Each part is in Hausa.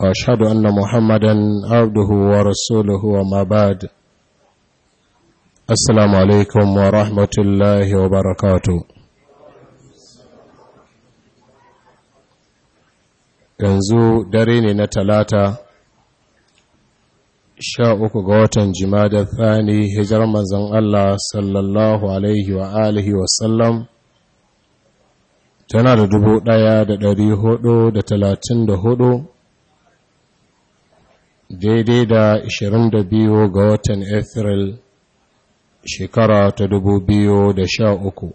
وأشهد أن محمدا عبده ورسوله وما بعد السلام عليكم ورحمة الله وبركاته yanzu dare ne na talata sha uku ga watan jimadar tsani hijirar manzan Allah sallallahu alaihi wa alihi wasallam tana da dubu ɗaya da dari hudu da talatin da hudu daidai da 22 ga watan Afril shekara ta 2013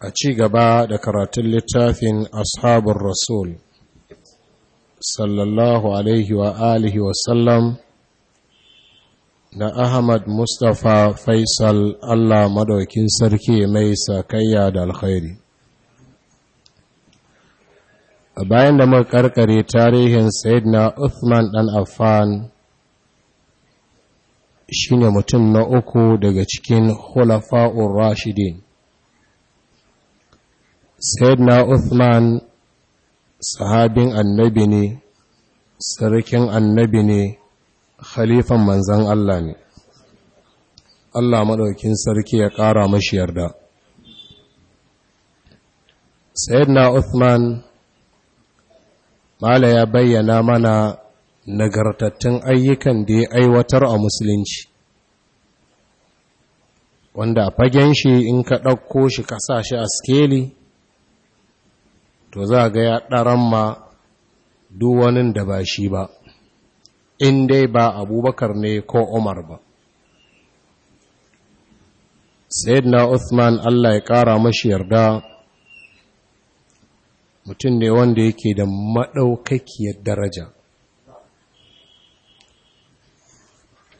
a ci gaba da karatun littafin ashabin rasul sallallahu alaihi wa alihi wasallam na Ahmad Mustapha Faisal Allah madaukin sarki mai sakayya da alkhairi bayan da muka karkare tarihin Sayyidina Uthman dan Affan shine mutum na uku daga cikin khulafa'ur rashidin Sayyidina Uthman sahabin annabi ne sarkin annabi ne khalifan manzon Allah ne Allah maɗaukin sarki ya ƙara mashi yarda Sayyidina Uthman mala ya bayyana mana nagartattun ayyukan da ya aiwatar a musulunci wanda a fagen shi in ka ɗauko shi ka sa shi a skeli to za ga ya ɗaran ma duwanin da ba shi ba in dai ba abubakar ne ko umar ba na uthman allah ya ƙara mashi yarda mutum ne wanda yake da maɗaukakiyar daraja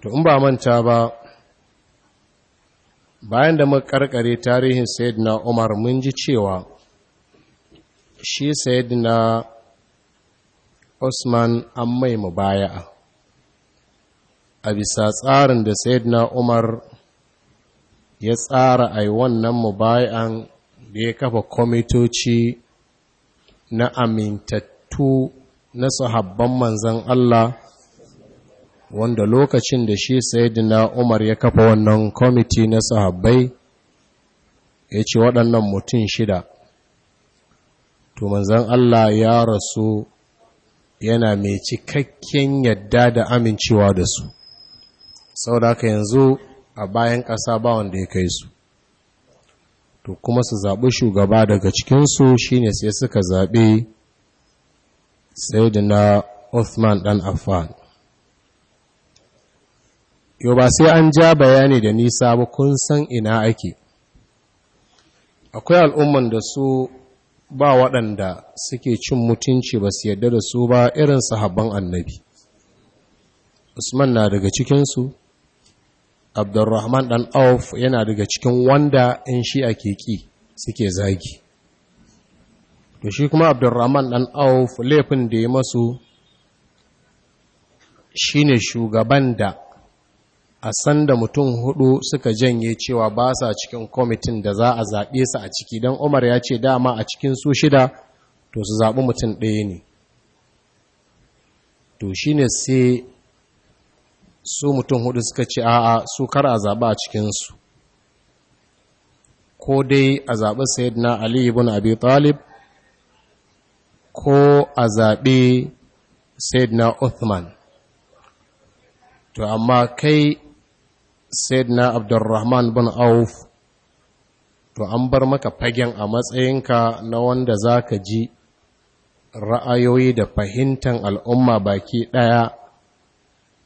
to in ba manta ba bayan da muka karkare tarihin sayyidina umar mun ji cewa shi sayyidina usman an mai baya a bisa tsarin da sayyidina umar ya tsara a yi wannan mubaya'an da ya kafa kwamitoci na amintattu na sahabban manzan Allah wanda lokacin da shi sayidina Umar ya kafa wannan kwamiti na sahabbai ya ce waɗannan mutum shida to manzan Allah ya rasu yana mai cikakken yadda da amincewa da su sau da haka yanzu a bayan ƙasa ba wanda ya kai su to kuma su zaɓi shugaba daga cikinsu shi ne sai suka zaɓi sayyidina Uthman ɗan Affan yau ba sai an ja bayani da nisa ba kun san ina ake akwai al'umman da su ba waɗanda suke cin mutunci ba su yadda da su ba irin sahabban annabi usman na daga cikinsu Abdulrahman dan auf yana daga cikin wanda in shi ake ƙi suke zagi to shi kuma abdurrahman dan auf laifin da ya masu shine shugaban da a sanda mutum hudu suka janye cewa ba sa cikin kwamitin da za a zaɓe su a ciki don umar ya ce dama a cikin su shida to su zaɓi mutum ɗaya ne to shine sai su mutum hudu suka ce a'a su kar a zaɓa a cikinsu ko dai a zaɓi sayyidina ali ibn abi talib ko a zaɓi sayyidina uthman to amma kai sayyidina abdurrahman bin auf to an bar maka fagen a matsayinka na wanda za ka ji ra'ayoyi da fahimtar al'umma baki ɗaya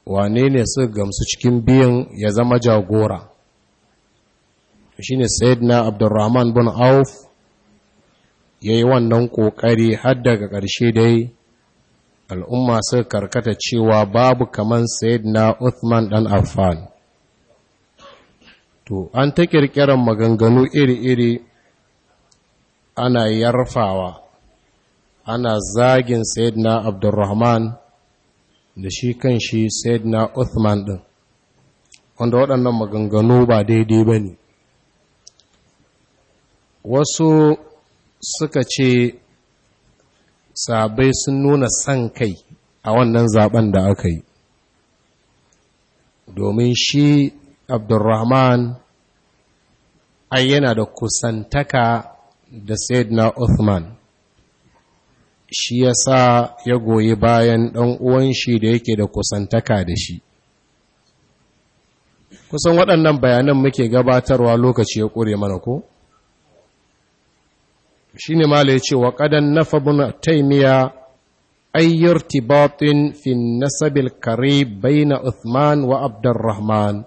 wane ne su gamsu cikin biyan ya zama jagora shi ne na abdurrahman bin auf ya yi wannan ƙoƙari har daga ƙarshe dai al'umma su karkata cewa babu kaman na uthman dan affan to an ta ƙirƙirar maganganu iri-iri ana yarfawa ana zagin Said na abdurrahman da shi kan shi na Uthman ɗin wanda waɗannan maganganu ba daidai ba ne wasu suka ce sabai sun nuna san kai a wannan zaben da aka yi domin shi abdurrahman ai da kusantaka da saidna Uthman shi ya sa ya goyi bayan ɗan uwan shi da yake da kusantaka da shi kusan waɗannan bayanan muke gabatarwa lokaci ya ƙure mana ko shi ne ma ya ce wa ƙadan nafa fabin taimiya ayyar tibatin fin nasabil kare baina uthman wa abdurrahman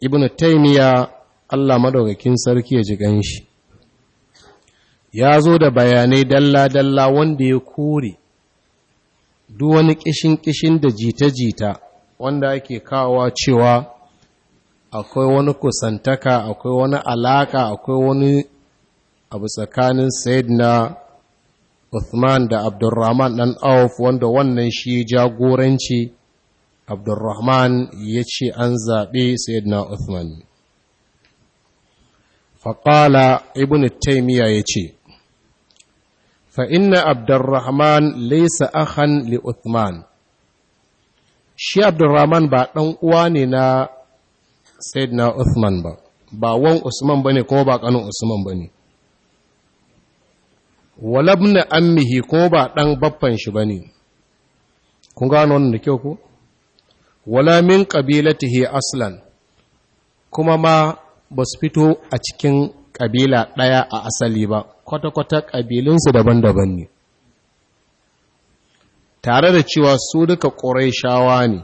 ibn taimiya allah madaukakin sarki ya ji ganshi ya zo da bayanai dalla-dalla wanda ya kore duk wani kishin-kishin da jita-jita wanda ake kawowa cewa akwai wani kusantaka akwai wani alaka akwai wani abu tsakanin na Uthman da Abdurrahman dan Auf wanda wannan shi jagoranci Abdurrahman ya ce an zaɓe na Uthman. Faƙala Ibn taimiyya ya ce, Fa'inna inna abdurrahman laysa akhan li uthman shi abdurrahman ba ɗan uwa ne na sayyidina uthman ba ba wan usman bane ko ba kanin usman bane walabna ammihi ko ba dan baffan shi bane kun gano wannan da kyau ko wala min qabilatihi aslan kuma ma ba su fito a cikin kabila ɗaya a asali ba kwata-kwata ƙabilinsu daban-daban ne tare da cewa su duka shawa ne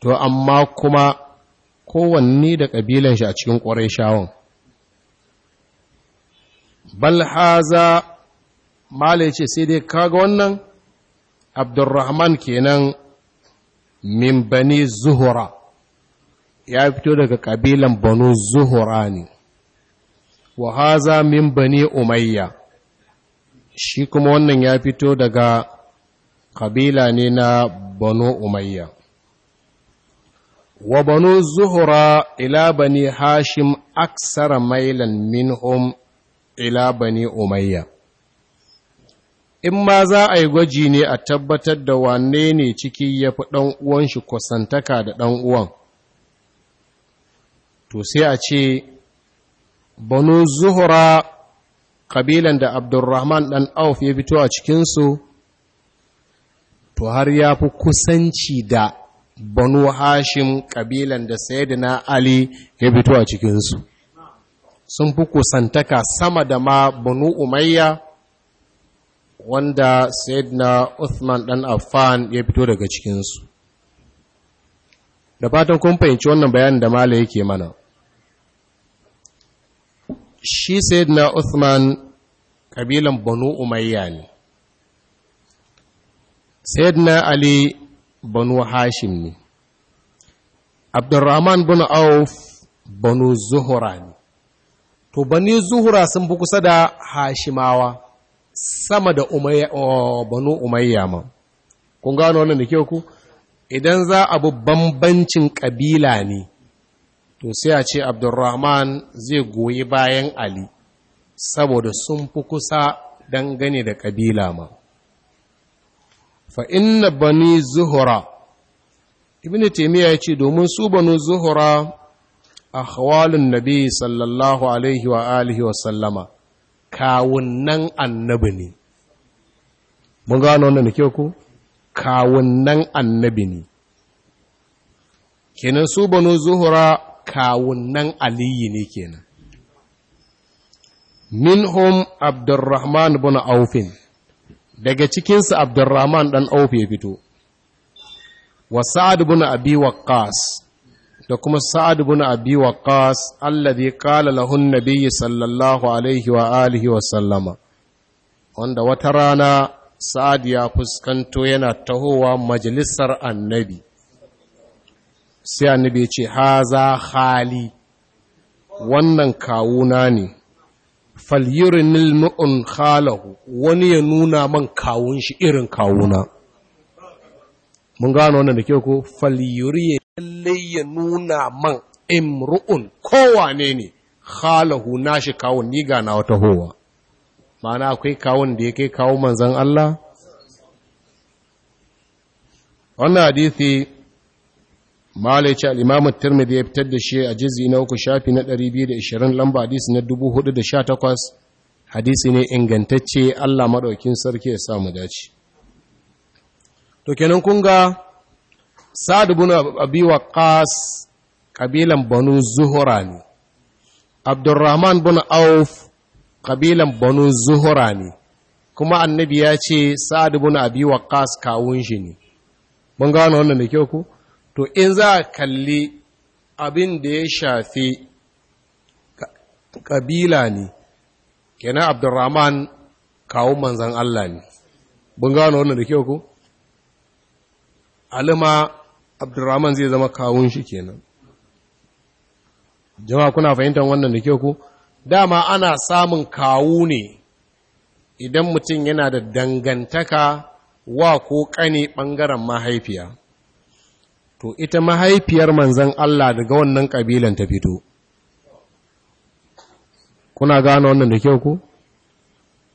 to amma kuma kowanne da ƙabilan shi a cikin ƙurayshawan bal haza mala ce sai dai kaga wannan abdurrahman kenan min bani zuhura ya fito daga ƙabilan banu zuhura ne wa haza min bani umayya shi kuma wannan ya fito daga kabila ne na banu umayya wa banu zuhura ila bani hashim aksara mailan minhum ila bani umayya in ma za a yi gwaji ne a tabbatar da wane ne ciki ya fi ɗan uwan shi kusantaka da ɗan uwan to sai a ce banu zuhura kabilan da abdurrahman ɗan auf ya fito a cikinsu to har ya fi kusanci da banu hashim kabilan da sayyidina ali ya fito a cikinsu sun fi kusantaka sama da ma banu umayya wanda sayyidina uthman ɗan affan ya fito daga cikinsu da fatan kun fahimci wannan bayanin da mala yake mana shi sayyidina Uthman kabilan Banu Umayya ne sayyidina Ali Banu Hashim ne Abdurrahman bin Auf Banu Zuhra ne to Bani Zuhra sun bi kusa da Hashimawa sama da umayya, Banu Umayya ma kun gano wannan da kyau ku idan za a bi bambancin kabila ne to sai a ce abdurrahman zai goyi bayan ali saboda sun fi kusa dangane da ƙabila ma fa inna bani zuhura ibn ya ce domin su bani zuhura a hawalin nabi sallallahu alaihi wa alihi wa sallama kawunnan annabi ne mun gano wannan da ku? Kawun nan annabi ne kenan su bani zuhura kawunan aliyu ne kenan minhum abdurrahman bin aufin daga cikinsu abdurrahman ɗan auf ya fito wa sa'ad bin abi waqqas da kuma sa'ad bin abi waqqas alladhi qala lahu an-nabiy sallallahu alaihi wa alihi wa sallama wanda wata rana sa'ad ya fuskanto yana tahowa majalisar annabi sai annabi ya ce haza hali wannan kawuna ne falyirinil mu'un halahu wani ya nuna man kawun shi irin kawuna mun gano wannan da ke ko falyiri ya nuna man imru'un kowa ne halahu shi kawun ni gana wata howa ma'ana akwai kawun da ya kai kawo manzan Allah wannan hadithi mala ya ci al'imamu tirmidhi ya fitar da shi a jizi na uku shafi na 220 lamba hadisi na 418 hadisi ne ingantacce allah maɗaukin sarki ya samu dace to kenan kun ga sa'ad bin abi ƙas kabilan banu zuhura ne abdurrahman bin auf kabilan banu zuhura ne kuma annabi ya ce sa'ad na abi ƙas kawun shi ne mun gano wannan da kyau ku to in za a kalli abin da ya shafi ƙabila ne kenan abdurrahman kawo manzan Allah ne bun gano wannan da kyau ku alima abdurrahman zai zama kawun shi kenan jama kuna fahimtar wannan da kyau ku dama ana samun kawu ne idan mutum yana da dangantaka wa ko kane ɓangaren mahaifiya to ita mahaifiyar manzan Allah daga wannan ƙabilan ta fito kuna gano wannan da kyau ko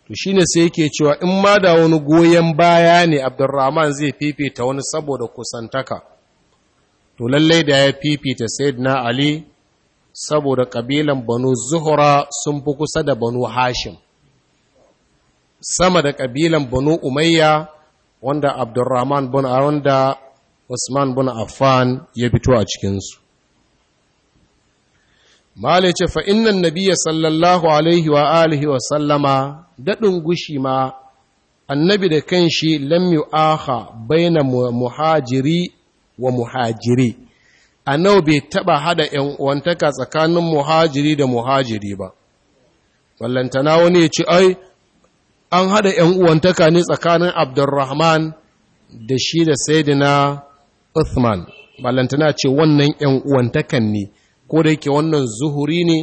to shine sai yake cewa in ma da wani goyon baya ne Abdurrahman zai fifita wani saboda kusantaka to lallai da ya fifita Sayyidina Ali saboda ƙabilan Banu Zuhra sun fi kusa da Banu Hashim sama da ƙabilan Banu Umayya wanda Abdurrahman bin wanda Usman bin Affan ya fito a cikinsu. Malai ce fa innan nabiya sallallahu alaihi wa alihi wa sallama daɗin gushi ma annabi da kanshi lam aha baina muhajiri wa muhajiri a nawa bai taɓa hada ƴan uwantaka tsakanin muhajiri da muhajiri ba wallantana wani ya ce ai an hada ƴan uwantaka ne tsakanin Abdurrahman da shi da Sayyidina Uthman ballantana ce wannan ‘yan uwantakan ne ko da yake wannan zuhuri ne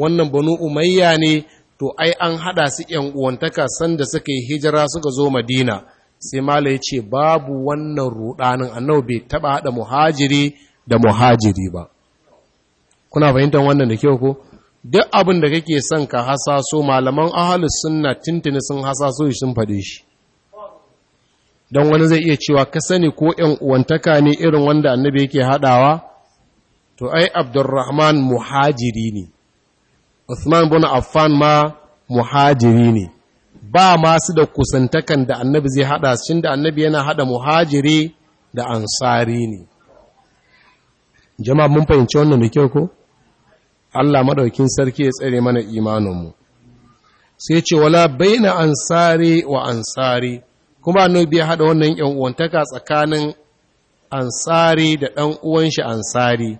wannan banu umayya ne to ai an haɗa su ‘yan uwantaka da suka yi hijira suka zo madina sai mala ya ce babu wannan ruɗanin annabi bai taba haɗa muhajiri da muhajiri ba kuna fahimtar wannan da kyau ko duk abin da kake son ka hasaso malaman ahlus sunna tintini sun hasaso shi sun fade shi don wani zai iya cewa ka sani ko ‘yan uwantaka ne irin wanda annabi yake haɗawa? To, ai, Abdurrahman muhajiri ne, Usman bin Affan ma muhajiri ne, ba masu da kusantakan da annabi zai haɗa, cin da annabi yana haɗa muhajiri da ansari ne. Jama'a mun fahimci wannan da kyau ko? Allah maɗaukin sarki ya tsare mana imaninmu. Sai ce, wala bai na ansari wa ansari. kuma annabi ya haɗa wannan yan tsakanin ansari da ɗan uwan shi ansari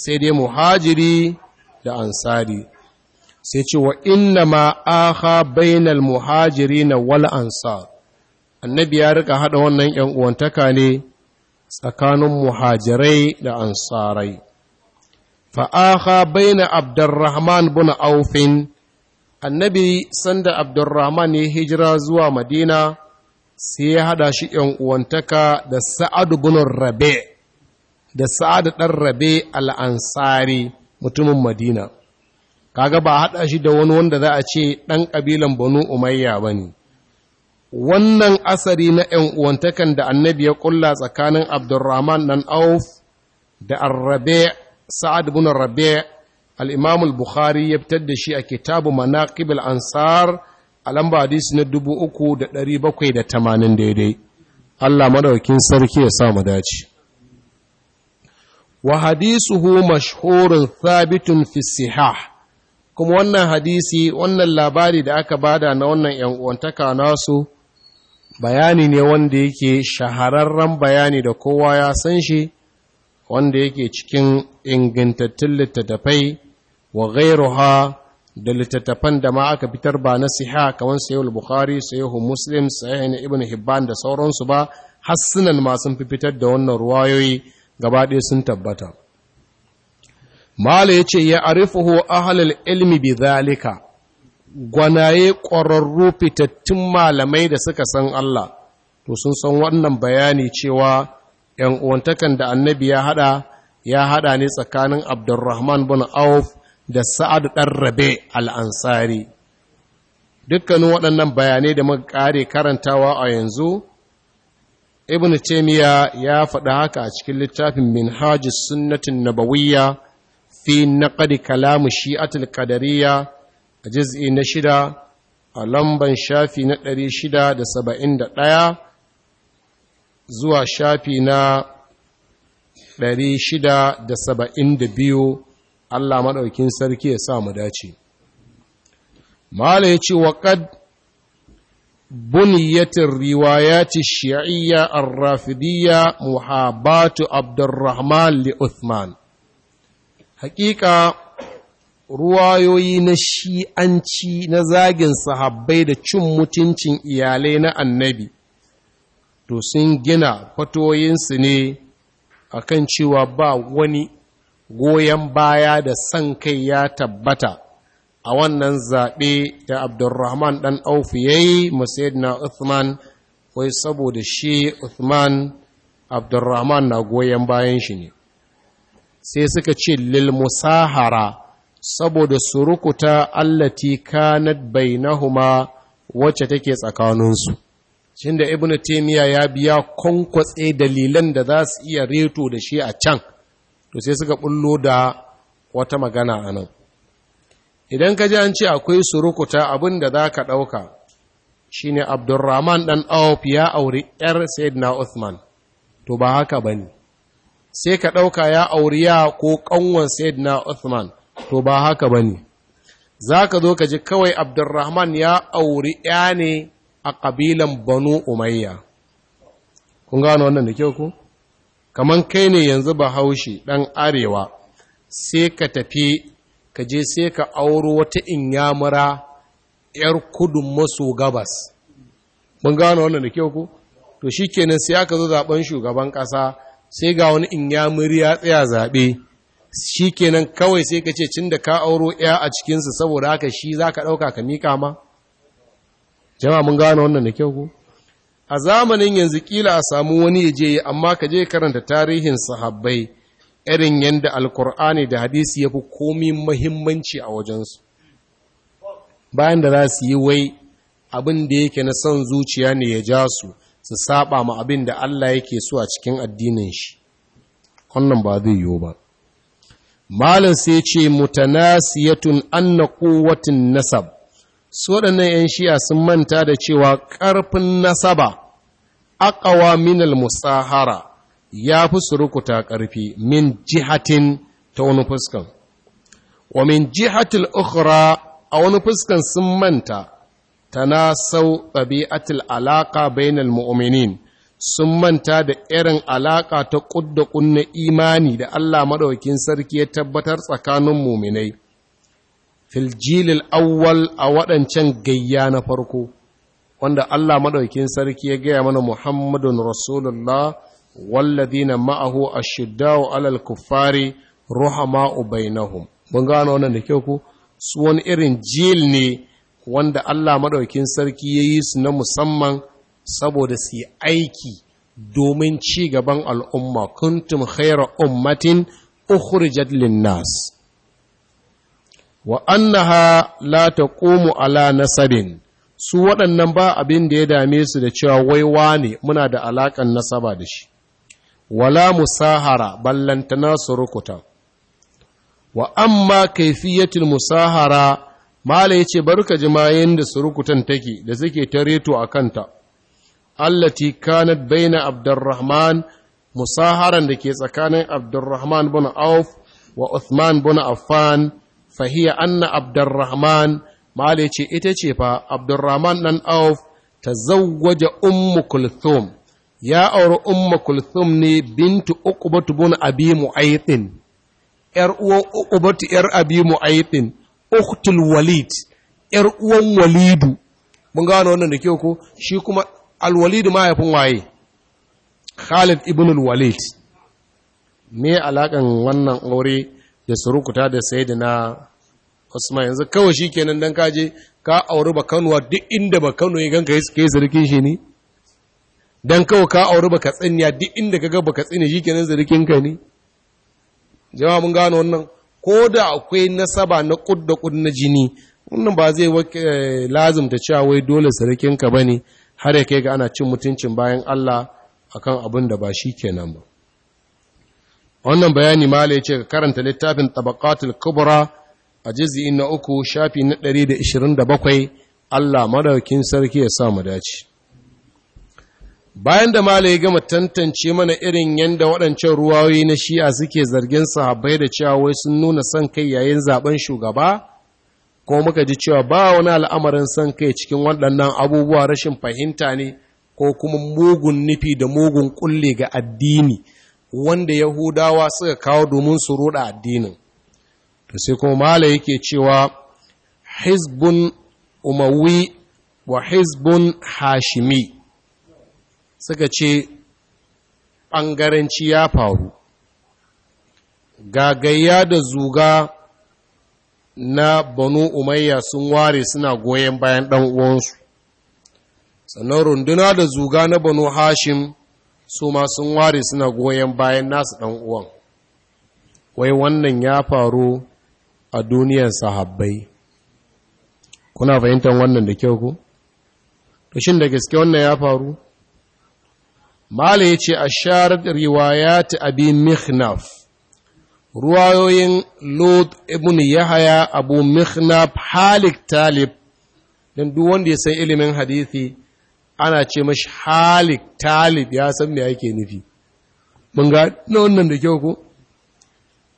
sai dai muhajiri da ansari sai ce wa inna ma aha bainal muhajiri na wal ansar annabi ya rika haɗa wannan yan ne tsakanin muhajirai da ansarai fa'aha baina abdurrahman bin aufin annabi sanda abdurrahman ya hijira zuwa madina sai ya haɗa shi ‘yan uwantaka da sa'adu bunin rabe da sa'adu ɗan rabe al'ansari mutumin madina kaga ba haɗa shi da wani wanda za a ce ɗan ƙabilan banu umayya ba ne wannan asari na ‘yan uwantakan da annabi ya ƙulla tsakanin abdurrahman ɗan auf da arrabe sa'ad bunin rabe al'imamul bukhari ya fitar da shi a kitabu manaƙibil ansar a lamba hadisi na dubu uku da ɗari bakwai da tamanin daidai Allah madaukin sarki ya sa mu dace wa hadisuhu mashhurun thabitun fi sihah kuma wannan hadisi wannan labari da aka bada na wannan yan uwantaka nasu bayani ne wanda yake shahararren bayani da kowa ya san shi wanda yake cikin ingantattun littattafai wa ghairuha da littattafan da ma aka fitar ba na siha kamar sayul bukhari sayul muslim na ibn hibban da sauransu ba hassunan masu fi fitar da wannan ruwayoyi gaba ɗaya sun tabbata mala ce ya arifuhu ahlul ilmi bi zalika gwanaye ƙwararru fitattun malamai da suka san Allah to sun san wannan bayani cewa ‘yan uwantakan da annabi ya hada ya hada ne tsakanin abdurrahman bin auf da sa'ad ɗan rabe al'ansari dukkanin waɗannan bayanai da muka ƙare karantawa a yanzu ibn taimiyya ya faɗi haka a cikin littafin haji sunnatin nabawiyya fi naƙadi kalamu shi'atul qadariyya a juz'i na shida a lamban shafi na ɗari shida da saba'in da ɗaya zuwa shafi na ɗari shida da saba'in da biyu Allah maɗaukin sarki ya sa mu dace mala ya ce waƙad buniyatin riwayati shi'iyya arrafidiyya muhabbatu abdurrahman li uthman hakika ruwayoyi na shi'anci na zagin sahabbai da cin mutuncin iyalai na annabi to sun gina fatoyinsu ne akan cewa ba wani goyon baya da son kai ya tabbata a wannan zaɓe da abdurrahman ɗan aufi ya yi na uthman wai saboda shi uthman abdurrahman na goyon bayan shi ne sai suka ce lil musahara saboda surukuta rukuta allati kanat bainahuma wacce take tsakaninsu shin da ibnu taymiya ya biya kwankwatse dalilan da za su iya reto da shi a can to sai suka bullo da wata magana a nan idan ka ji an ce akwai surukuta abin da za ka ɗauka shi ne abdurrahman ɗan auf ya auri 'yar na uthman to ba haka ba ne sai ka ɗauka ya auri ya ko said na uthman to ba haka ba ne za ka zo ka ji kawai abdurrahman ya auri 'ya ne a ƙabilan banu umayya kun gano wannan da kyau ku? kaman kai ne yanzu ba haushi ɗan arewa sai ka tafi ka je sai ka auro wata inyamura 'yar kudu maso gabas mun gano wannan da kyau ku to shi kenan sai aka zo zaben shugaban ƙasa sai ga wani inyamuri ya tsaya zaɓe shi kenan kawai sai ka ce cin da ka auro 'ya a cikinsu saboda haka shi za ka ɗauka ka miƙa ma jama mun gano wannan da kyau ku a zamanin yanzu kila a samu wani ya je amma ka je karanta tarihin sahabbai irin yadda alkur'ani da hadisi ya fi komi mahimmanci a wajensu bayan da za su yi wai abin da yake na son zuciya ne ya ja su su saba ma abin da Allah yake so a cikin addinin shi wannan ba zai yiwu ba Malam sai ce mutanasiyatun anna quwwatin nasab su waɗannan 'yan shi'a sun manta da cewa ƙarfin nasaba aqwa min al-musahara ya fi surukuta ƙarfi min jihatin ta wani fuskan wa min jihatil ukhra a wani fuskan sun manta sau ɗabi'atul alaƙa bainal mu'minin sun manta da irin alaƙa ta ƙudda ƙunna imani da Allah maɗaukin sarki ya tabbatar tsakanin muminai. Filjilil awwal a waɗancan gayya na farko, wanda Allah madaukin sarki ya gaya mana Muhammadun Rasulullah walladina ma'ahu ashiddau alal kuffari ruhama'u bainahum mun gano wannan da kyau ku su wani irin jil ne wanda Allah madaukin sarki yayi su na musamman saboda su yi aiki domin ci gaban al'umma kuntum khaira ummatin ukhrijat lin-nas wa annaha la taqumu ala nasabin su waɗannan ba abin da ya dame su da cewa waiwa ne muna da alaƙan nasaba da shi wala musahara ballantana su rukuta wa amma kaifiyatul musahara mala yace barka jima'in da surukutan take da suke ta reto a kanta allati kanat baina abdurrahman musaharan da ke tsakanin abdurrahman bin auf wa uthman bin affan fahiya anna abdurrahman Mala ce ita ce fa Abdurrahman ɗan Auf ta zawwaja Ummu Kulthum, ya auri Ummu Kulthum ne bintu Uqbatu bin Abi Mu'aytin, ‘yar uwan Uqbatu ‘yar Abi Mu'aytin, Uktul Walid, ‘yar uwan Walidu, mun gano wannan da kyau ko shi kuma alwalidu mahaifin waye Khalid ibn walid me alakan wannan aure da surukuta da sayyidina usman yanzu kawai shi kenan dan kaje ka auri ba kanuwa duk inda ba kano ya ganka yake sarkin shi ne dan kawai ka auri ba katsiniya duk inda kaga ba katsini shi kenan sarkin ka ne jama'a mun gano wannan ko da akwai nasaba na kudda kud na jini wannan ba zai eh, lazimta cewa wai dole sarkin ka bane har yake kai ga ana cin mutuncin bayan Allah akan abin da ba shi kenan ba wannan bayani mala ce ka karanta littafin tabaqatul kubra a jizi na uku shafi na ɗari da bakwai, Allah madaukin sarki ya sa mu dace bayan da mala ya gama tantance mana irin yadda waɗancan ruwayoyi na shi'a suke zargin sahabbai da cewa wai sun nuna son kai yayin zaben shugaba ko muka ji cewa ba wani al'amarin son kai cikin waɗannan abubuwa rashin fahimta ne ko kuma mugun nufi da mugun kulle ga addini wanda yahudawa suka kawo domin su ruɗa addinin sai kuma mala yake cewa hizbun umawi wa hizbun hashimi suka ce ɓangaranci ya faru gagayya da zuga na banu umayya sun ware suna goyon bayan ɗan uwansu sannan runduna da zuga na banu hashim su ma sun ware suna goyon bayan nasu ɗan uwan wai wannan ya faru a duniyar sahabbai kuna fahimtar wannan da kyau ku to shin da gaske wannan ya faru mala yace riwaya riwayat abi mikhnaf ruwayoyin Lot ibn Yahaya Abu mihnaf Halik Talib dan duk wanda ya san ilimin hadisi ana ce mashi Halik Talib ya san me ake nufi mun ga wannan da kyau ko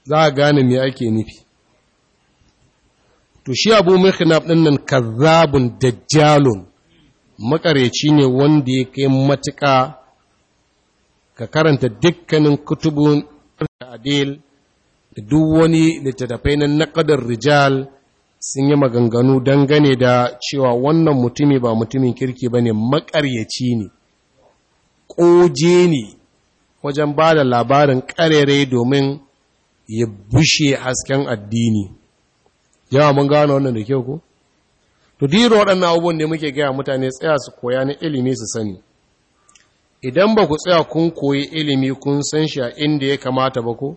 za a gane me ake nufi to shi abu mikhnaf ɗin nan kazzabun dajjalun makareci ne wanda ya kai matuƙa ka karanta dukkanin kutubun adil da duk wani littattafai na naƙadar rijal sun yi maganganu dangane da cewa wannan mutumi ba mutumin kirki ba ne makaryaci ne ƙoje ne wajen ba da labarin ƙarere domin ya bushe hasken addini yawa mun gano wannan da kyau ko to diro waɗannan abubuwan da muke gaya mutane tsaya su koya na ilimi su sani idan ba ku tsaya kun koyi ilimi kun san shi a inda ya kamata ba ko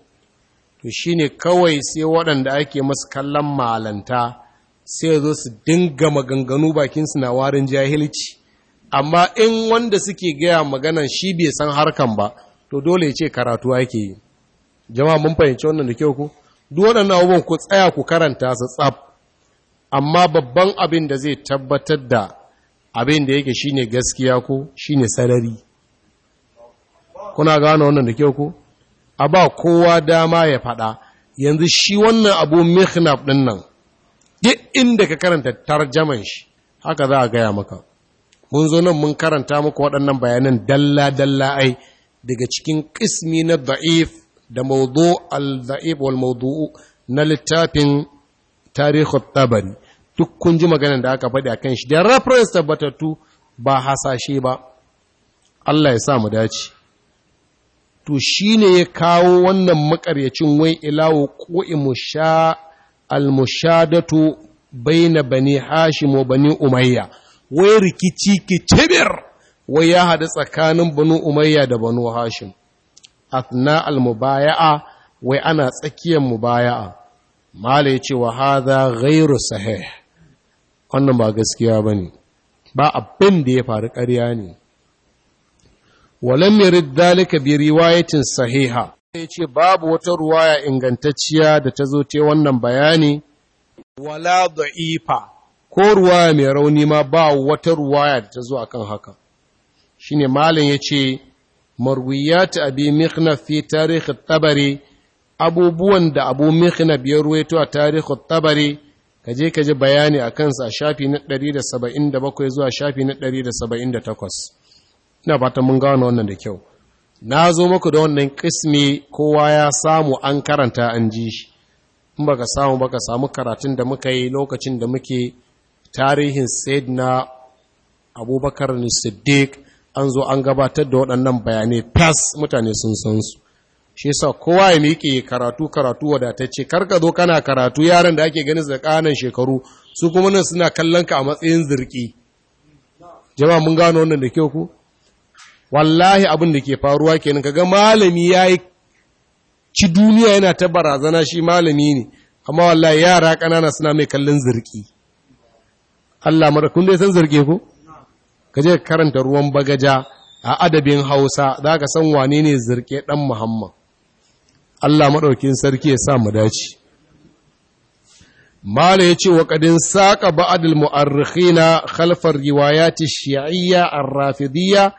to shi ne kawai sai waɗanda ake masu kallon malanta sai zo su dinga maganganu bakin su na warin jahilci amma in wanda suke gaya maganan shi bai san harkan ba to dole ya ce karatu ake yi jama'a mun fahimci wannan da kyau ko duk waɗannan abubuwan ku tsaya ku karanta su tsab amma babban abin da zai tabbatar da abin da yake shine gaskiya ko shine sarari kuna gano wannan da kyau ko a ba kowa dama ya faɗa yanzu shi wannan abu mihnaf ɗin nan duk inda ka karanta tarjaman shi haka za a gaya maka mun zo nan mun karanta muku waɗannan bayanan dalla-dalla ai daga cikin ƙismi na da'if da mawdu al zaib wal na littafin tarihu tabari duk kun ji maganar da aka faɗi a kan shi da reference tabbatattu ba hasashe ba Allah ya sa mu dace to shi ne ya kawo wannan makaryacin wai ilawo ko'i musha al-mushadatu baina bani hashim wa bani umayya wai rikici kicibir wai ya haɗu tsakanin banu umayya da banu hashim athna al-mubaya'a wai ana tsakiyar mubaya'a mala yace wa hadha ghairu sahih wannan ba gaskiya bane ba abin da ya faru ƙarya ne walam yurid dalika bi riwayatin sahiha yace babu wata ruwaya ingantacciya da ta zo te wannan bayani wala da'ifa ko ruwaya mai rauni ma ba wata ruwaya da ta zo akan haka shine malam yace marwiyat abi mikhnaf fi tarihi tabari abubuwan da abu mikhnaf ya ruwaito a tarihi tabari ka je ka ji bayani a kansa a shafi na 177 zuwa shafi na 178 ina fatan mun gano wannan da kyau na zo muku da wannan kismi kowa ya samu an karanta an ji shi in baka samu ka samu karatun da muka yi lokacin da muke tarihin na abubakar siddiq an zo an gabatar da waɗannan bayanai fas mutane sun san su shi sa kowa ya miƙe karatu karatu wadatacce karka zo kana karatu yaran da ake ganin da shekaru su kuma nan suna kallon ka a matsayin zirki jama'a mun gano wannan da kyau ku wallahi abin da ke faruwa kenan kaga malami yayi ci duniya yana ta barazana shi malami ne amma wallahi yara kanana suna mai kallon zirki Allah mara kun dai san zirke ko ka je karanta ruwan bagaja a adabin hausa za ka san wane ne zirke ɗan muhammad allah maɗaukin sarki ya sa mu dace mala ya ce wa ƙadin saƙa na na khalfar riwayati shi'iyya ar-rafidiyya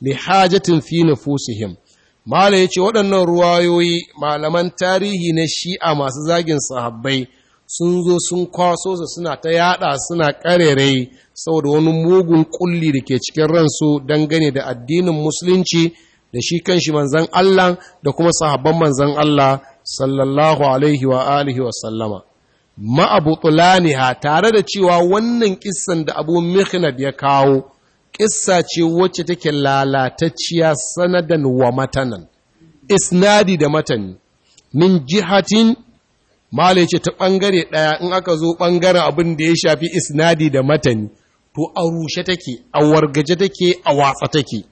li hajatin fi nufusihim mala ya ce waɗannan ruwayoyi malaman tarihi na shi'a masu zagin sahabbai sun zo sun kwaso su suna ta yada suna ƙarerai saboda wani mugun kulli da ke cikin ransu dangane da addinin musulunci da shi kan kanshi manzan Allah da kuma sahabban manzan Allah sallallahu alaihi wa alihi wa sallama ma'abu tulaniha tare da cewa wannan kissan da abu mihnad ya kawo kissa ce wacce take lalatacciya sanadan wa matanan isnadi da matani min jihatin mala ce ta ɓangare ɗaya in aka zo ɓangaren abin da ya shafi isnadi da matani to a rushe take a wargaje take a watsa take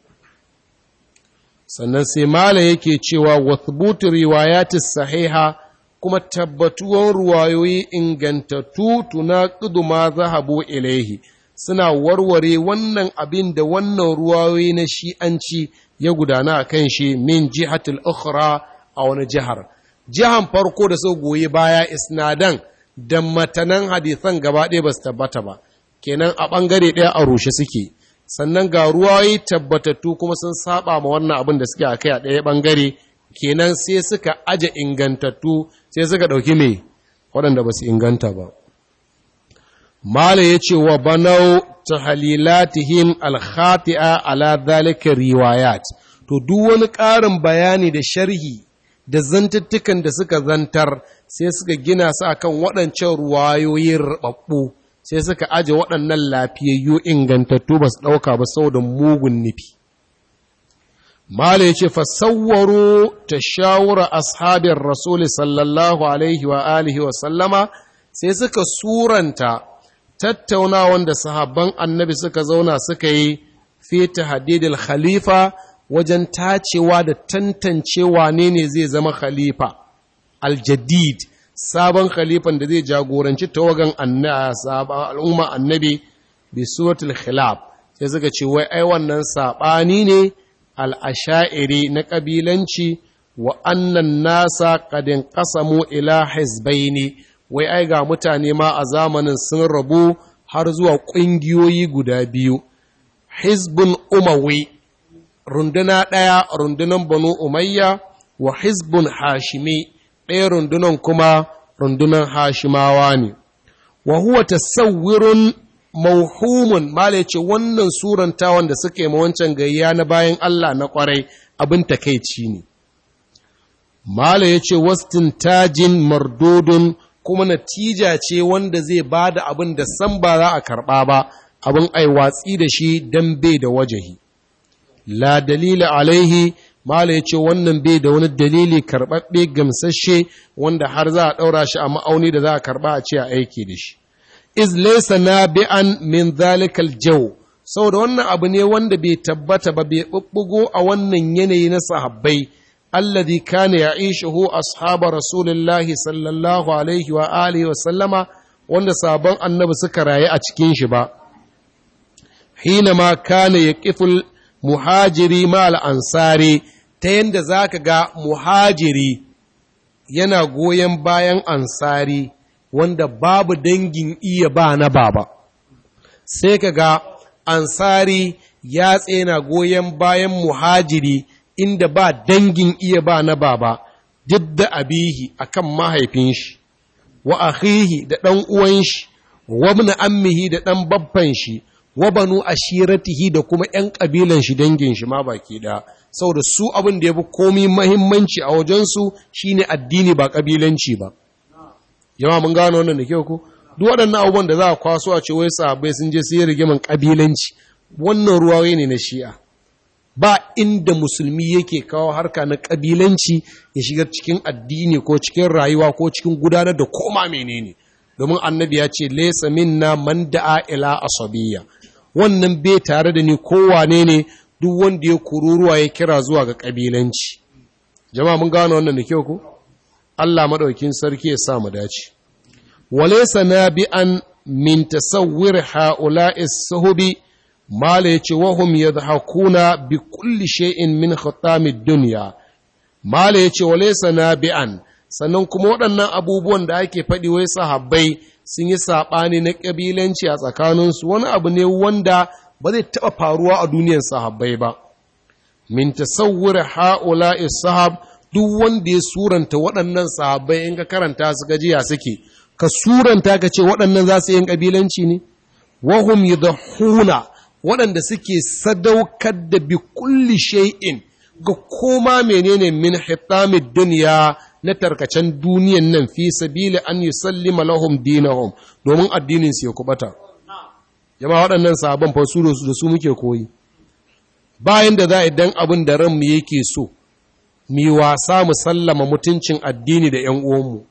sannan sai mala yake cewa wathbutu riwayatis sahiha kuma tabbatuwan ruwayoyi ingantattu tunaqidu ma zahabu ilaihi suna warware wannan abin da wannan ruwayoyi na shi'anci ya gudana a kan shi min jihatul ukhra a wani jihar jihan farko da sau goyi baya isnadan da matanan hadisan gaba ɗaya ba su tabbata ba kenan a ɓangare ɗaya a rushe suke sannan ga ruwaye tabbatattu kuma sun saba ma wannan abin da suke a kai a ɗaya ɓangare kenan sai suka aje ingantattu sai suka ɗauki mai waɗanda ba su inganta ba mala ya ce wa banau ta halilatihim alkhati'a ala zalika riwayat to duk wani ƙarin bayani da sharhi da zantattukan da suka zantar sai suka gina su akan waɗancan ruwayoyin rababbu sai suka aje waɗannan lafiyayyu ingantattu ba su ɗauka ba saboda mugun nufi mala ya ce fasawwaro ta shawura ashabin rasuli sallallahu alaihi wa alihi wa sallama sai suka suranta tattaunawan da sahabban annabi suka zauna suka yi fi hadidil khalifa wajen tacewa da tantancewa ne ne zai zama khalifa aljadid sabon khalifan da zai jagoranci tawagan al'umma annabi bi suratul khilaf sai suka ce wai ai wannan saɓani ne al'asha'iri na ƙabilanci wa annan nasa ƙadin ƙasamu ila ne wai ai ga mutane ma a zamanin sun rabu har zuwa ƙungiyoyi guda biyu hizbun umawi runduna ɗaya rundunan banu umayya wa hizbun hashimi ɗaya rundunan kuma rundunan hashimawa ne wa huwa tasawwirun mauhumun mala ce wannan surantawan da suke ma wancan gayya na bayan Allah na kwarai abin takeici ne mala ya ce wastin tajin mardodun kuma natija ce wanda zai ba da abin da san ba za a karɓa ba abin ai watsi da shi don bai da wajahi la dalila alaihi mala ya ce wannan bai da wani dalili karɓaɓɓe gamsashe wanda har za a ɗaura shi a ma'auni da za a karɓa a ce a aiki da shi iz laysa nabi'an min zalikal jaw saboda wannan abu ne wanda bai tabbata ba bai bubbugo a wannan yanayi na sahabbai alladhi kana ya'ishuhu ashabu rasulillahi sallallahu alaihi wa alihi wa sallama wanda sabon annabi suka rayu a cikin shi ba hina ma kana yaqiful muhajiri ma al ansari ta yadda za ka ga muhajiri yana goyon bayan ansari wanda babu dangin iya ba na baba sai ka ga ansari ya tsena goyon bayan muhajiri inda ba dangin iya ba na baba duk da abihi akan mahaifin shi wa da ɗan uwan shi wa ammihi da ɗan babban shi wa banu ashiratihi da kuma ‘yan ƙabilan shi dangin shi ma baki ɗaya, saboda su abin da ya fi komi mahimmanci a wajensu shi ne addini ba ƙabilanci ba. Yama mun gano wannan da kyau ku? Duk waɗannan abubuwan da za a kwaso a ce wai bai sun je sai rigiman ƙabilanci, wannan ruwa ne na shi'a. Ba inda musulmi yake kawo harka na ƙabilanci ya shiga cikin addini ko cikin rayuwa ko cikin gudanar da koma menene. Domin annabi ya ce, Lesa minna man da'a ila asabiyya. wannan bai tare da ni kowane ne duk wanda ya kururuwa ya kira zuwa ga kabilanci. jama'a mun gano wannan da kyau ku Allah maɗaukin sarki ya sa mu dace walaysa nabi'an min tasawwir ha'ula'i sahubi mala yace wahum yadhakuna bi kulli shay'in min khatamid dunya mala yace walaysa nabi'an sannan kuma waɗannan abubuwan da ake faɗi wai sahabbai sun yi saɓani na ƙabilanci a tsakaninsu wani abu ne wanda ba zai taɓa faruwa a duniyar sahabbai ba min tasawwur ha'ula sahab duk wanda ya suranta waɗannan sahabbai in ka karanta su gajiya suke ka suranta ka ce waɗannan za su yi ƙabilanci ne wahum huna waɗanda suke sadaukar da bi kulli shay'in ga koma menene min hitamid duniya na tarkacen duniyan nan fi sabili an yusallima lahum dinahum domin addinin su ya kubata jama waɗannan sabon fa su da su muke koyi bayan da za a idan abin da ranmu yake so mi wasa mu sallama mutuncin addini da 'yan'uwanmu. uwanmu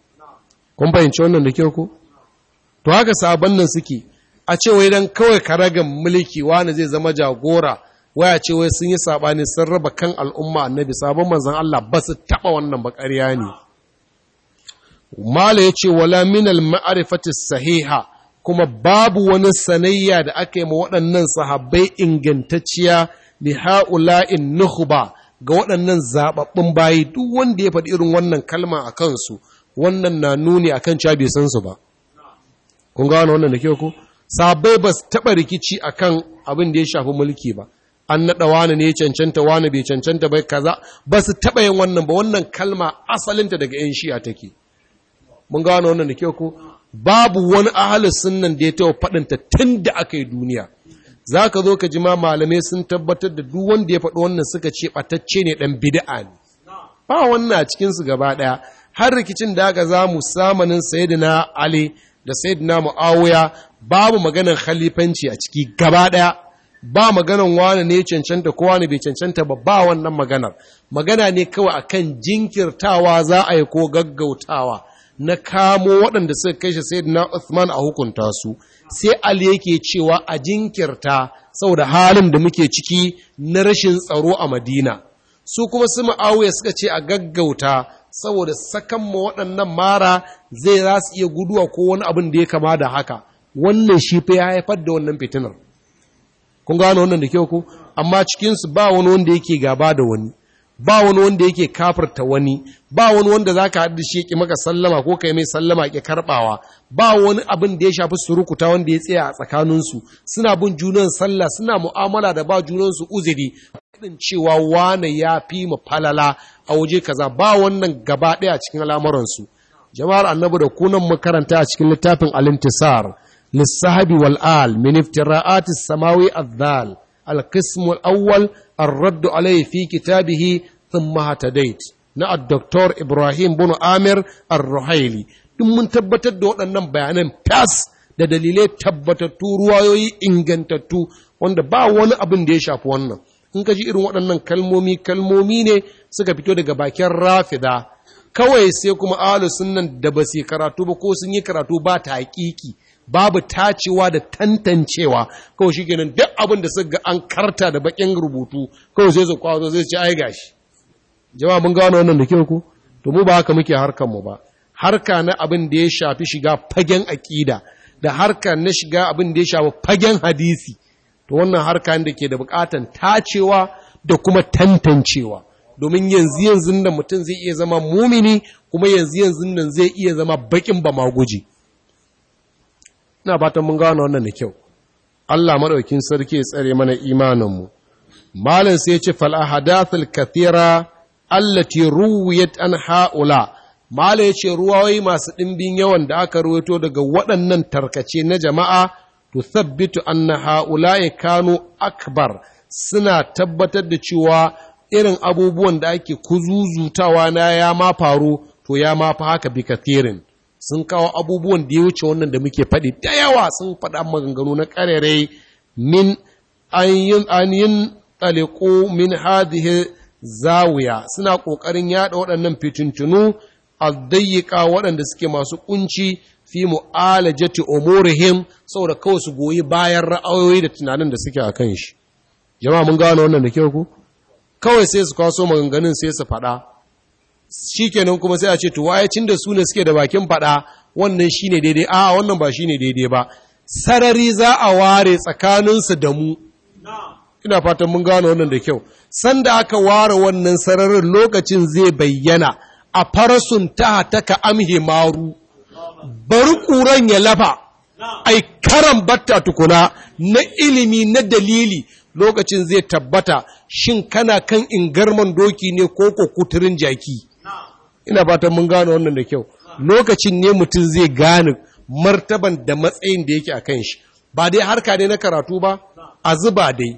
kun fahimci wannan da kyau ko to haka sabon nan suke a ce wai dan kawai karagan mulki wani zai zama jagora waya ce wai sun yi saɓani sun raba kan al'umma annabi sabon manzan Allah ba su taɓa wannan ba ne mala ya ce wala minal ma'arifati sahiha kuma babu wani sanayya da aka yi ma waɗannan sahabbai ingantacciya li ha'ula'in nuhba ga waɗannan zaɓaɓɓun bayi duk wanda ya faɗi irin wannan kalma a kansu wannan na nuni a kan bai san su ba kun gano wannan da ke ku sahabbai ba su taɓa rikici a kan abin da ya shafi mulki ba an naɗa wani ne cancanta wani bai cancanta bai kaza ba su taɓa yin wannan ba wannan kalma asalinta daga yan shi'a take mun gano wannan da kyau ko babu wani ahalin sunnan da ya taɓa faɗinta tun da aka yi duniya za ka zo ka ji ma malamai sun tabbatar da duk wanda ya faɗi wannan suka ce ɓatacce ne ɗan bida'a ne ba wannan a cikinsu gaba ɗaya har rikicin da aka zamu samanin na ali da sayyidina mu'awiya babu maganar khalifanci a ciki gaba ɗaya ba maganan wane ne cancanta ko wane bai cancanta ba ba wannan maganar magana ne kawai akan jinkirtawa za a yi ko gaggautawa na kamo waɗanda suka kai shi sai na Uthman a hukunta su sai Ali yake cewa a jinkirta saboda halin da muke ciki na rashin tsaro a Madina su kuma su Muawiya suka ce a gaggauta saboda sakan ma waɗannan mara zai za su iya guduwa ko wani abin da ya kama da haka wannan shi fa ya haifar da wannan fitinar kun gano wannan da kyau ko amma cikinsu ba wani wanda yake gaba da wani ba wani wanda yake kafirta wani ba wani wanda za ka haɗu shi ya maka sallama ko kai mai sallama ya karɓawa ba wani abin da ya shafi surukuta wanda ya tsaya a tsakaninsu suna bin junan sallah suna mu'amala da ba junan su uziri kaɗin cewa wane ya fi mu falala a waje kaza ba wannan gaba ɗaya cikin al'amuransu jama'ar annabi da kunan makaranta a cikin littafin alintisar lissahabi wal'al min iftira'ati samawi azzal القسم الأول الرد عليه في كتابه ثم هتديت na الدكتور إبراهيم بن آمر الرحيلي duk mun tabbatar da waɗannan bayanan tas da dalilai tabbatattu ruwayoyi ingantattu wanda ba wani abin da ya shafi wannan in ka ji irin waɗannan kalmomi kalmomi ne suka fito daga bakin rafida kawai sai kuma ahlus sunnan da ba su karatu ba ko sun yi karatu ba ta hakiki babu tacewa da tantancewa kawai shi kenan duk abin da suka an karta da bakin rubutu kawai sai su kwazo zai ci aiga shi. jama'a mun gano wannan da kyau ko to mu ba haka muke harkar mu ba harka na abin da ya shafi shiga fagen aƙida da harka na shiga abin da ya shafi fagen hadisi to wannan harka da ke da bukatan tacewa da kuma tantancewa domin yanzu yanzu nan mutum zai iya zama mumini kuma yanzu yanzu nan zai iya zama bakin ba maguji ina fatan mun gano wannan da kyau Allah madaukin sarki ya tsare mana imaninmu malam sai ya ce fal ahadathul kathira allati ruwiyat an haula malam ya ce ruwayoyi masu dimbin yawan da aka ruwaito daga waɗannan tarkace na jama'a to thabbitu anna haula kanu akbar suna tabbatar da cewa irin abubuwan da ake kuzuzutawa na ya ma faru to ya ma fa haka bi kathirin sun kawo abubuwan da ya wuce wannan da muke faɗi da yawa sun faɗa maganganu na ƙarere min an yin ɗaliƙo min hadhihi zawiya suna ƙoƙarin yaɗa waɗannan fitintunu a waɗanda suke masu ƙunci fi mu'alajati umurihim saboda kawai su goyi bayan ra'ayoyi da tunanin da suke a kan shi jama'a mun gano wannan da kyau ku kawai sai su kwaso maganganun sai su faɗa shi kenan kuma sai a ce to cin da su ne suke da bakin faɗa wannan shi ne daidai a ah, wannan ba shi ne daidai ba sarari za a ware tsakaninsu da mu ina fatan mun gano wannan da kyau sanda aka ware wannan sararin lokacin zai bayyana a farasun ta ka amhe maru bari ƙuran ya lafa ai karan batta tukuna na ilimi na dalili lokacin zai tabbata shin kana kan ingarman doki ne ko ko jaki ina fatan mun gano wannan da kyau lokacin ne mutum zai gane martaban da matsayin da yake a kan shi ba dai harka ne na karatu ba a zuba dai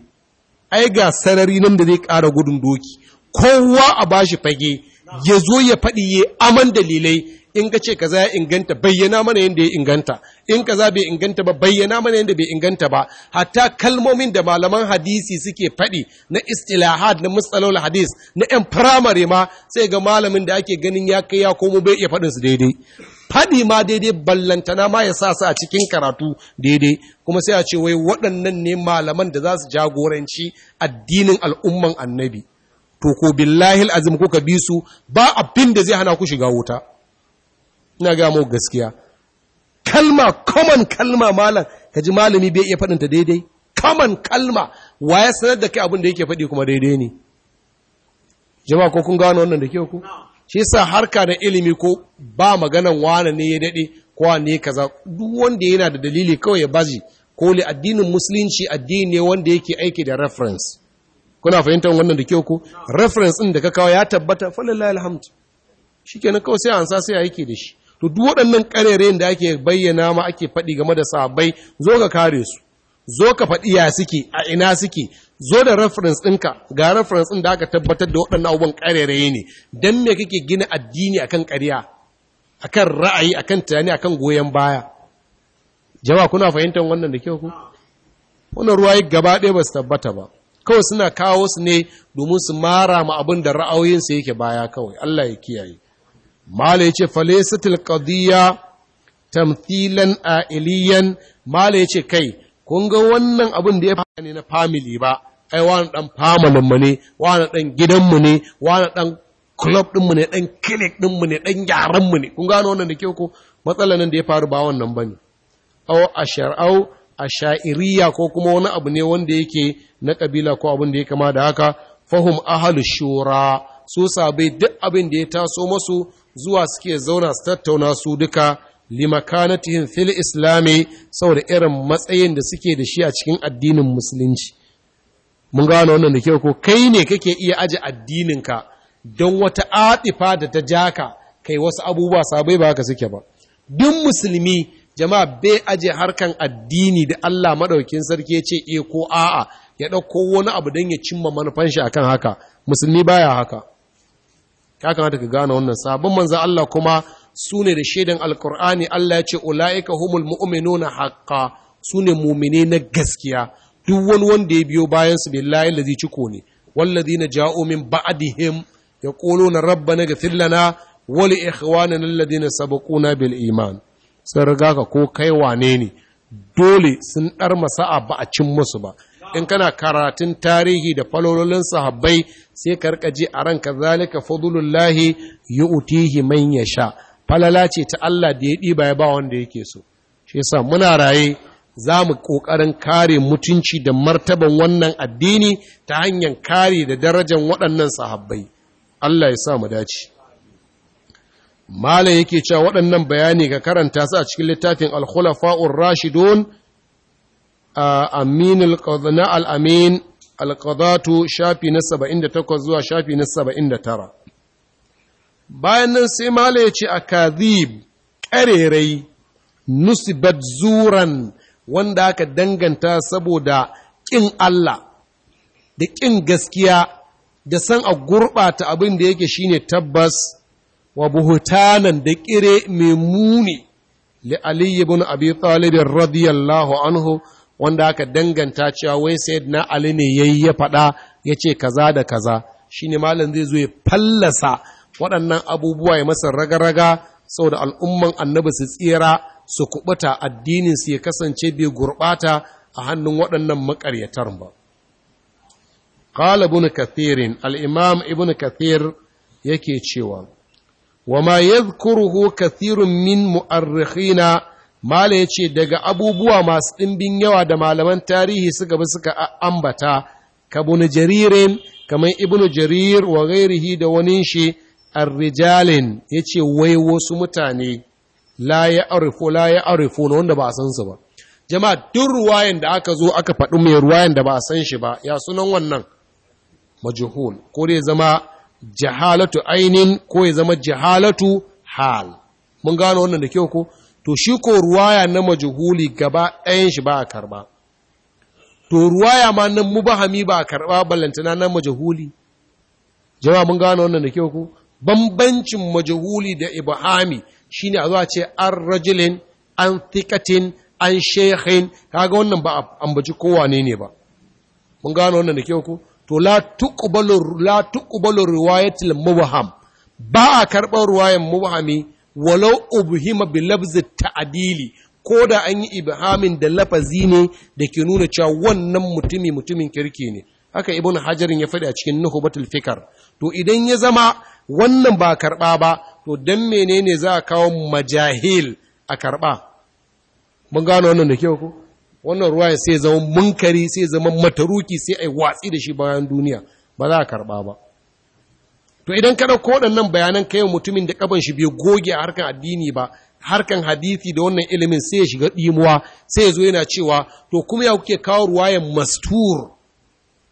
ai ga sarari nan da zai ƙara gudun doki kowa a bashi fage ya zo ya faɗi ya aman dalilai in ka ce kaza ya inganta bayyana mana yadda ya inganta in kaza bai inganta ba bayyana mana yadda bai inganta ba hatta kalmomin da malaman hadisi suke faɗi na istilahad na mustalol hadis na yan firamare ma sai ga malamin da ake ganin ya kai ya komo bai iya faɗin su daidai faɗi ma daidai ballantana ma ya sa su a cikin karatu daidai kuma sai a ce wai waɗannan ne malaman da za su jagoranci addinin al'umman annabi to ko billahi azim ka bi su ba abin da zai hana ku shiga wuta ina ga mu gaskiya kalma common kalma malam ji malami bai iya faɗinta daidai common kalma Wa ya sanar da kai abin da yake faɗi kuma daidai ne jama'a ko kun gano wannan da ke ku shi yasa harka da ilimi ko ba maganan wane ne ya dade ko wane kaza duk wanda yana da dalili kawai ya baji ko li addinin musulunci addini ne wanda yake aiki da reference kuna fahimtar wannan da ke ku reference din da ka kawo ya tabbata falallahi alhamd shikenan kawai sai an sa sai yake da shi to duk waɗannan ƙarerayen da ake bayyana ma ake faɗi game da sahabbai zo ka kare su zo ka faɗi ya suke a ina suke zo da reference ɗinka ga reference ɗin da aka tabbatar da waɗannan abubuwan ƙareraye ne don me kake gina addini akan ƙarya akan ra'ayi akan tunani akan goyon baya jama'a kuna fahimtar wannan da kyau ku wannan ruwa yi gaba ɗaya ba su tabbata ba kawai suna kawo su ne domin su mara ma abin da ra'ayoyinsu yake baya kawai Allah ya kiyaye mala ya ce falisatul qadiyya tamthilan a'iliyan mala ya ce kai kun ga wannan abin da ya faɗa ne na family ba ai wani dan familin mu ne wani dan gidan mu ne wani dan club din mu ne dan clinic din mu ne dan yaran mu ne kun gano wannan da ke ko matsala nan da ya faru ba wannan ba ne. a shar'au, a sha'iriya ko kuma wani abu ne wanda yake na kabila ko abin da ya kama da haka fahim ahal shura su sabai duk abin da ya taso masu zuwa suke zauna su tattauna su duka limakanatihin fil islami saboda irin matsayin da suke da shi a cikin addinin musulunci mun gano wannan da kyau ko kai ne kake iya aje addininka don wata atifa da ta jaka kai wasu abubuwa sabai ba haka suke ba duk musulmi jama'a bai aje harkan addini da Allah madaukin sarki ya ce eh ko a'a ya ɗauko wani abu don ya cimma manufan shi akan haka musulmi baya haka ya kamata ka gane wannan sabon manzan Allah kuma su ne da shaidan alkur'ani Allah ya ce ula'ika humul mu'minuna haqqa su ne mumine na gaskiya duk wani wanda ya biyo bayan su billahi allazi ciko ne wallazina ja'u min ba'dihim yaquluna rabbana ighfir lana wa li ikhwanina alladhina sabaquna bil iman sun riga ka ko kai wane ne dole sun dar masa'a ba a cin musu ba in kana karatun tarihi da falololin sahabbai sai ka rika ji a ranka zalika fadlullahi yu'tihi man sha. falala ce ta Allah da ya ɗiba ya ba wanda yake so shi yasa muna raye za mu ƙoƙarin kare mutunci da martaban wannan addini ta hanyar kare da darajar waɗannan sahabbai Allah ya sa mu dace Malam yake cewa waɗannan bayani ga karanta su a cikin littafin Al-Khulafa'ur Rashidun amin na al'amin alƙadatu shafi na saba'in da takwas zuwa shafi na saba'in da tara bayan nan sai mala ya ce a kazib ƙarerai nusibat zuran wanda aka danganta saboda ƙin Allah da ƙin gaskiya da san a gurɓata abin da yake shine tabbas wa buhutanan da ƙire mai muni li aliyu bin Abi talibin radiyallahu anhu wanda aka danganta cewa wai said na ali ne yayi ya faɗa ya ce kaza da kaza shine malam zai zo ya fallasa waɗannan abubuwa ya masa raga-raga saboda al'umman annabi su tsira su kuɓuta addinin su ya kasance bai gurɓata a hannun waɗannan makaryatar ba قال ابن كثير الإمام ابن كثير يكي wa وما يذكره كثير من مؤرخين Mala ya ce daga abubuwa masu ɗimbin yawa da malaman tarihi suka bi suka ambata, ka jaririn, kamar ibnu jarir wa gairihi da wani shi arrijalin ya ce wai wasu mutane la ya arifo la ya arifo na wanda ba a san su ba. Jama'a duk ruwayan da aka zo aka faɗi mai ruwayan da ba a san shi ba, ya sunan wannan majuhul, ko dai zama jahalatu ainin ko ya zama Jihalatu hal. Mun gano wannan da kyau ko? to shi ko ruwaya na majuhuli gaba ɗayan shi ba a karba to ruwaya ma na mubahami ba a karba ballantana na majuhuli jama'a mun gano wannan da kyau ku bambancin majuhuli da ibahami shine a zuwa ce an rajulin an thikatin an shekhin kaga wannan ba ambaci kowane ne ba mun gano wannan da kyau ku to la tuqbalu la tuqbalu riwayatil mubham ba a karɓar ruwayan mubahami. walau ubhima bi ta'adili, ta'dili ko da an yi ibhamin da lafazi ne da ke nuna cewa wannan mutumi mutumin kirki ne haka ibn hajarin ya faɗi a cikin nuhubatul fikar to idan ya zama wannan ba karɓa ba to dan menene za a kawo majahil a karɓa mun gano wannan da kyau ko wannan ruwa sai zama munkari sai zama mataruki sai ai watsi da shi bayan duniya ba za a karɓa ba to idan ka ɗauko waɗannan bayanan kai mutumin da ƙaban shi bai goge a harkan addini ba harkan hadisi da wannan ilimin sai ya shiga ɗimuwa sai ya zo yana cewa to kuma ya kuke kawo ruwayan mastur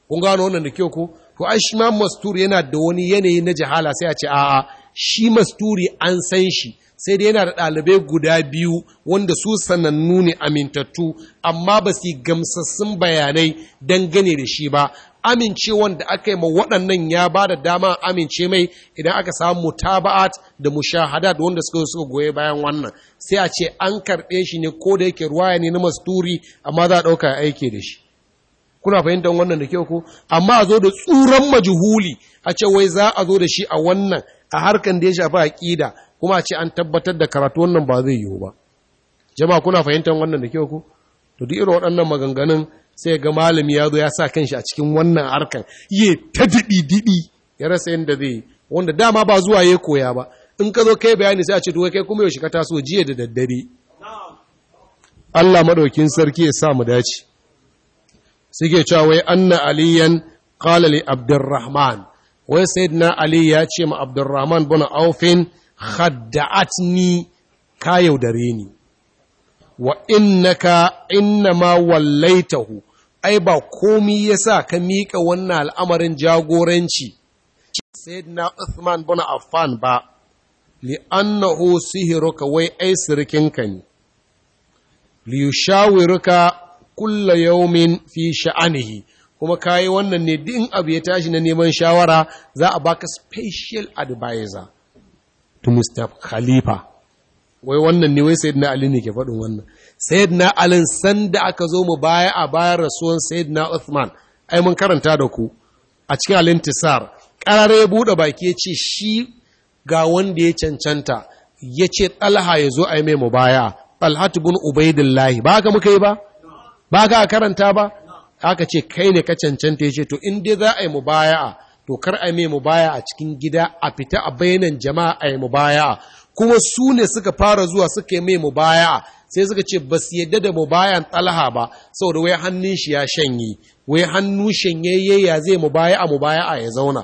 kun gano wannan da kyau ko to ai shi ma mastur yana da wani yanayi na jahala sai a ce a'a shi masturi an san shi sai dai yana da ɗalibai guda biyu wanda su sanannu ne amintattu amma ba su gamsassun bayanai dangane da shi ba amincewan wanda aka yi ma waɗannan ya ba da dama amince mai idan aka samu mutaba'at da mushahada da wanda suka suka goye bayan wannan sai a ce an karɓe shi ne ko da yake ruwaya ne na masturi amma za a ɗauka aiki da shi kuna fahimtar wannan da kyau ko amma a zo da tsuran majuhuli a ce wai za a zo da shi a wannan a harkan da ya shafi aƙida kuma a ce an tabbatar da karatu wannan ba zai yiwu ba jama'a kuna fahimtar wannan da kyau ko to duk irin waɗannan maganganun sai ga malami ya zo ya sa kanshi a cikin wannan harkan ya ta didi-didi, ya rasa yadda zai yi wanda dama ba zuwa ya koya ba in ka zo kai bayani sai a ce duka kai kuma yaushe ka taso jiya da daddare Allah madaukin sarki ya sa mu dace suke cewa wai anna aliyan qala li abdurrahman wai sayyidina ali ya ce ma abdurrahman bin aufin khadda'atni ka yaudare ni wa innaka innama wallaitahu ai ba komi ya sa ka miƙa wannan al'amarin jagoranci na Uthman bana Affan ba li'annahu ka wai ai sirikinka ne li ka kulla yaumin fi sha'anihi kuma ka yi wannan ne din abu ya tashi na neman shawara za a baka special advisor to Mr. Khalifa wai wannan ne wai na Ali ne ke faɗin wannan sayyidina alin sanda aka zo mu baya a bayan rasuwan na uthman ai mun karanta da ku a cikin alintisar ƙarar ya buɗe baki ya ce shi ga wanda ya cancanta ya ce ɗalha ya zo a yi mai mu baya ɗalhatu bin ubaidillahi ba ka muka yi ba ba ka karanta ba aka ce kai ne ka cancanta ya ce to in dai za a yi mu baya to kar a yi mai mu baya a cikin gida a fita a bayanan jama'a a yi mu baya kuma su ne suka fara zuwa suka yi mai mu baya sai suka ce ba su yadda da mubayan talha ba saboda wai hannun shi ya shanye wai hannu shanyayye ya zai mubaya a mubaya a ya zauna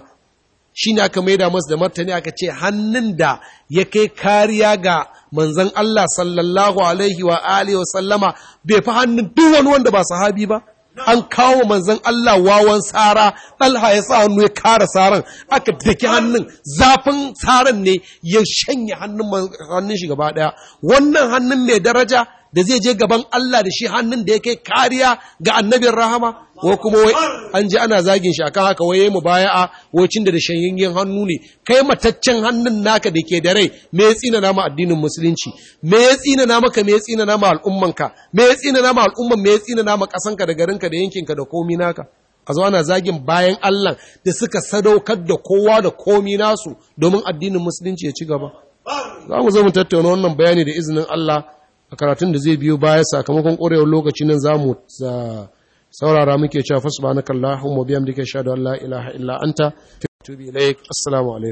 shi ne aka maida masu da martani aka ce hannun da ya kai kariya ga manzan Allah sallallahu alaihi wa sallama bai fi hannun duk wani wanda ba sahabi ba an kawo manzan Allah wawan tsara ɗalha ya sa hannu ya kara tsaran aka daki hannun zafin tsaran ne ya shanye hannun shi gaba ɗaya wannan hannun mai daraja da zai je gaban Allah da shi hannun da ya kai kariya ga annabin rahama ko kuma wai an ji ana zagin shi akan haka wai mu baya a wacin da da shanyayyen hannu ne kai mataccen hannun naka da ke da rai me ya tsina nama addinin musulunci me ya tsina nama ka me ya tsina nama al'ummanka me ya tsina nama al'umman me ya tsina nama ka, da garin ka, da yankin ka, da komi naka a zo ana zagin bayan Allah da suka sadaukar da kowa da komi nasu domin addinin musulunci ya ci gaba za mu zo mu tattauna wannan bayani da izinin Allah a karatun da zai biyo baya sakamakon ƙorewar lokaci nan za mu saurara muke cewa fasu ba na kallahu mabiyan da ke sha da Allah ilaha illa anta tubi ilaik assalamu alaikum